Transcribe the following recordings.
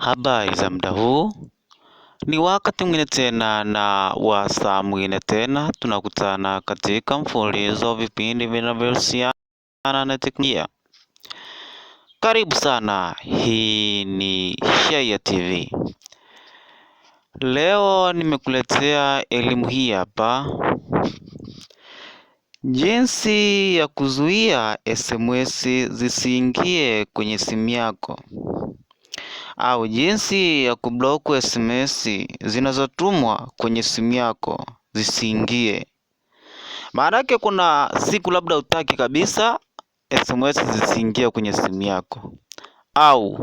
Habari za muda huu, ni wakati mwingine tena na wa saa mwingine tena tunakutana katika mfululizo vipindi vinavyohusiana na teknolojia. Karibu sana, hii ni Shayia TV. Leo nimekuletea elimu hii hapa, jinsi ya kuzuia SMS zisiingie kwenye simu yako au jinsi ya kublock SMS zinazotumwa kwenye simu yako zisiingie. yake kuna siku labda utaki kabisa SMS zisiingie kwenye simu yako, au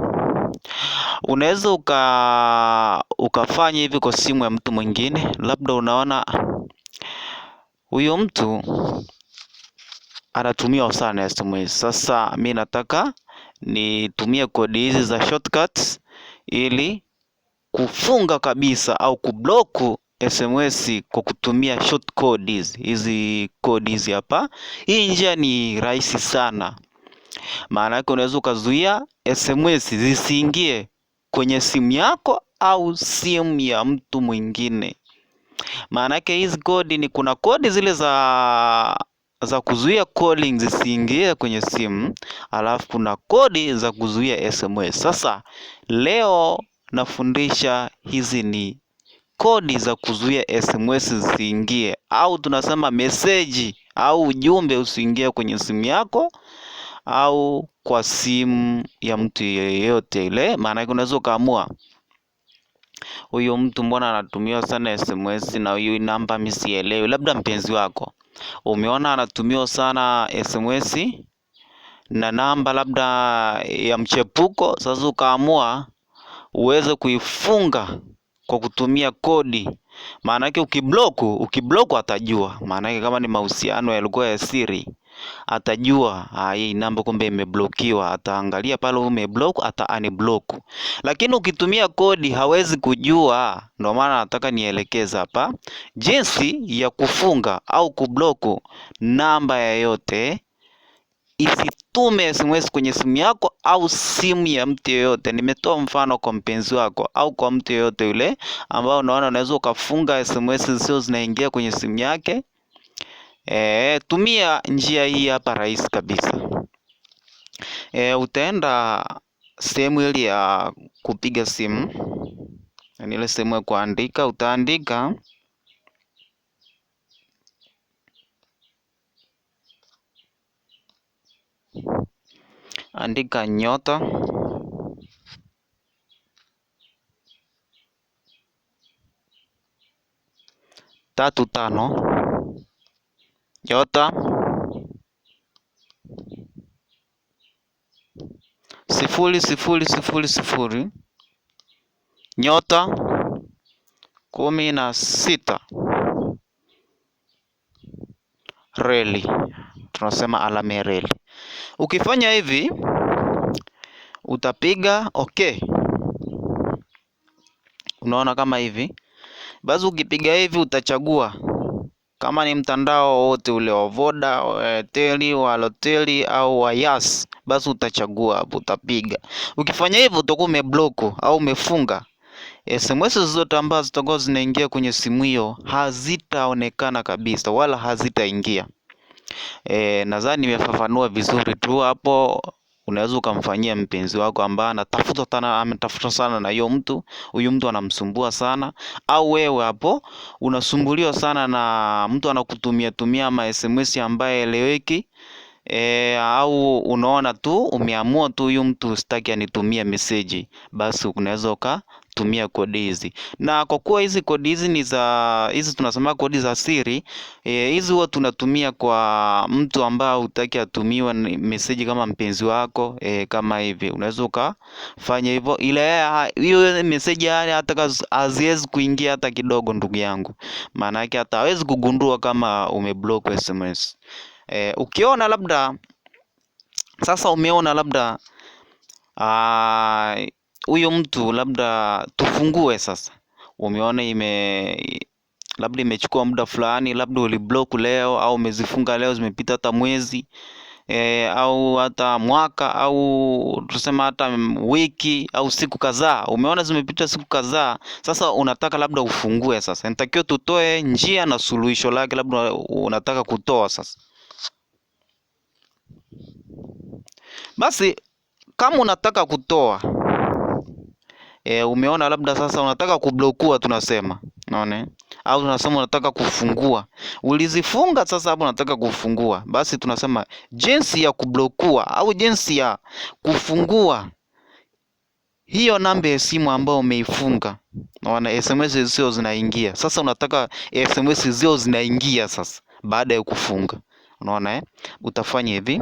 unaweza uka ukafanya hivi kwa simu ya mtu mwingine, labda unaona huyu mtu anatumiwa sana SMS, sasa mi nataka nitumie kodi hizi za shortcuts ili kufunga kabisa au kublock SMS kwa kutumia short codes, hizi code hizi hapa. Hii njia ni rahisi sana, maana yake unaweza ukazuia SMS zisiingie kwenye simu yako au simu ya mtu mwingine. Maana yake hizi kodi ni kuna kodi zile za za kuzuia calling zisiingie kwenye simu, alafu kuna kodi za kuzuia SMS. Sasa leo nafundisha hizi ni kodi za kuzuia SMS zisiingie, au tunasema meseji au ujumbe usiingie kwenye simu yako au kwa simu ya mtu yeyote ile. Maanake unaweza ukaamua huyu mtu mbona anatumia sana SMS na huyu namba misielewi, labda mpenzi wako Umeona anatumiwa sana SMS na namba labda ya mchepuko sasa ukaamua uweze kuifunga kwa kutumia kodi maana yake ukiblock, ukiblock atajua. Maana yake kama ni mahusiano yalikuwa ya siri, atajua ah, hii namba kumbe imeblokiwa, ataangalia pale umeblock, ata unblock. Lakini ukitumia kodi hawezi kujua. Ndio maana nataka nielekeze hapa jinsi ya kufunga au kublock namba yoyote isitume SMS kwenye simu yako au simu ya mtu yoyote Nimetoa mfano kwa mpenzi wako au kwa mtu yoyote yule ambao unaona unaweza ukafunga SMS sio zinaingia kwenye simu yake. E, tumia njia hii hapa rahisi kabisa. E, utaenda sehemu ile ya kupiga simu, yaani ile sehemu ya kuandika, utaandika andika nyota tatu tano nyota sifuri sifuri sifuri sifuri nyota kumi na sita reli tunasema alama ya reli. Ukifanya hivi utapiga okay, unaona kama hivi basi. Ukipiga hivi utachagua kama ni mtandao wote ule wa Voda, teli wa Loteli au wa Yas, basi utachagua hapo, utapiga. Ukifanya hivyo utakuwa umeblock au umefunga SMS zote ambazo zitakuwa zinaingia kwenye simu hiyo hazitaonekana kabisa, wala hazitaingia. Eh, nadhani nimefafanua vizuri tu hapo unaweza ukamfanyia mpenzi wako ambaye anatafuta sana na hiyo mtu huyu mtu anamsumbua sana au wewe hapo unasumbuliwa sana na mtu anakutumia tumia ma SMS ambaye E, au unaona tu umeamua tu huyu mtu sitaki anitumie meseji basi unaweza uka kutumia kodi hizi. Na kwa kuwa hizi kodi hizi ni za hizi tunasema kodi za siri, e, hizi e, huwa tunatumia kwa mtu ambaye hutaki atumiwe meseji kama mpenzi wako, e, kama hivi. Unaweza ukafanya hivyo ila hiyo meseji yani hata haziwezi kuingia hata kidogo ndugu yangu. Maana yake hata hawezi kugundua kama umeblock SMS. e, ukiona labda sasa umeona labda huyo mtu labda tufungue sasa, umeona ime labda imechukua muda fulani, labda uliblock leo au umezifunga leo, zimepita hata mwezi e, au hata mwaka au tusema hata wiki au siku kadhaa, umeona zimepita siku kadhaa. Sasa unataka labda ufungue sasa, nitakiwa tutoe njia na suluhisho lake, labda unataka kutoa sasa. Basi kama unataka kutoa e, umeona labda sasa unataka kublokua tunasema, unaona au tunasema unataka kufungua, ulizifunga sasa hapo unataka kufungua, basi tunasema jinsi ya kublokua au jinsi ya kufungua hiyo namba ya simu ambayo umeifunga. Unaona SMS zio zinaingia sasa, unataka SMS zio zinaingia sasa baada ya kufunga, unaona eh? Utafanya hivi,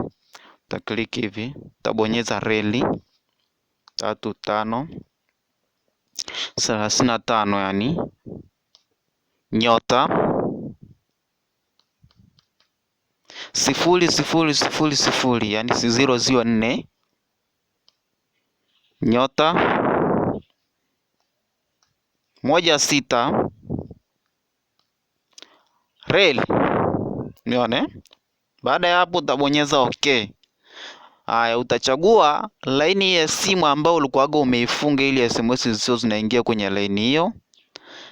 utakliki hivi, utabonyeza reli tatu tano thelathini na tano yani nyota sifuri sifuri sifuri sifuri yani ziro zio nne nyota moja sita reli, nione eh? Baada ya hapo utabonyeza OK. Haya, utachagua laini ya simu ambayo ulikuwaga umeifunga ili SMS zisio zinaingia kwenye laini hiyo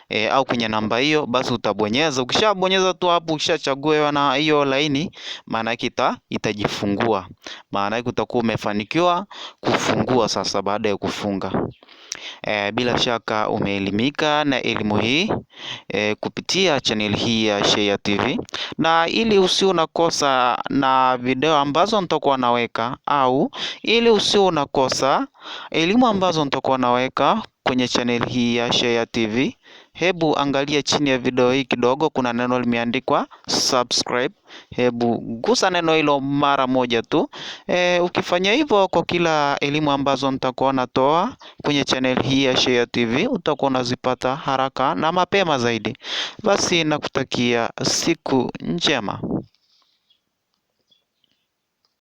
e, au kwenye namba hiyo, basi utabonyeza. Ukishabonyeza tu hapo, ukishachagua na hiyo laini, maana yake ita, itajifungua. Maana yake utakuwa umefanikiwa kufungua sasa baada ya kufunga. E, bila shaka umeelimika na elimu hii e, kupitia channel hii ya Shayia TV, na ili usio unakosa na video ambazo nitakuwa naweka, au ili usio unakosa elimu ambazo nitakuwa naweka kwenye channel hii ya Shayia TV Hebu angalia chini ya video hii kidogo kuna neno limeandikwa subscribe. Hebu gusa neno hilo mara moja tu. E, ukifanya hivyo kwa kila elimu ambazo nitakuwa natoa kwenye channel hii ya Shayia TV utakuwa unazipata haraka na mapema zaidi. Basi nakutakia siku njema.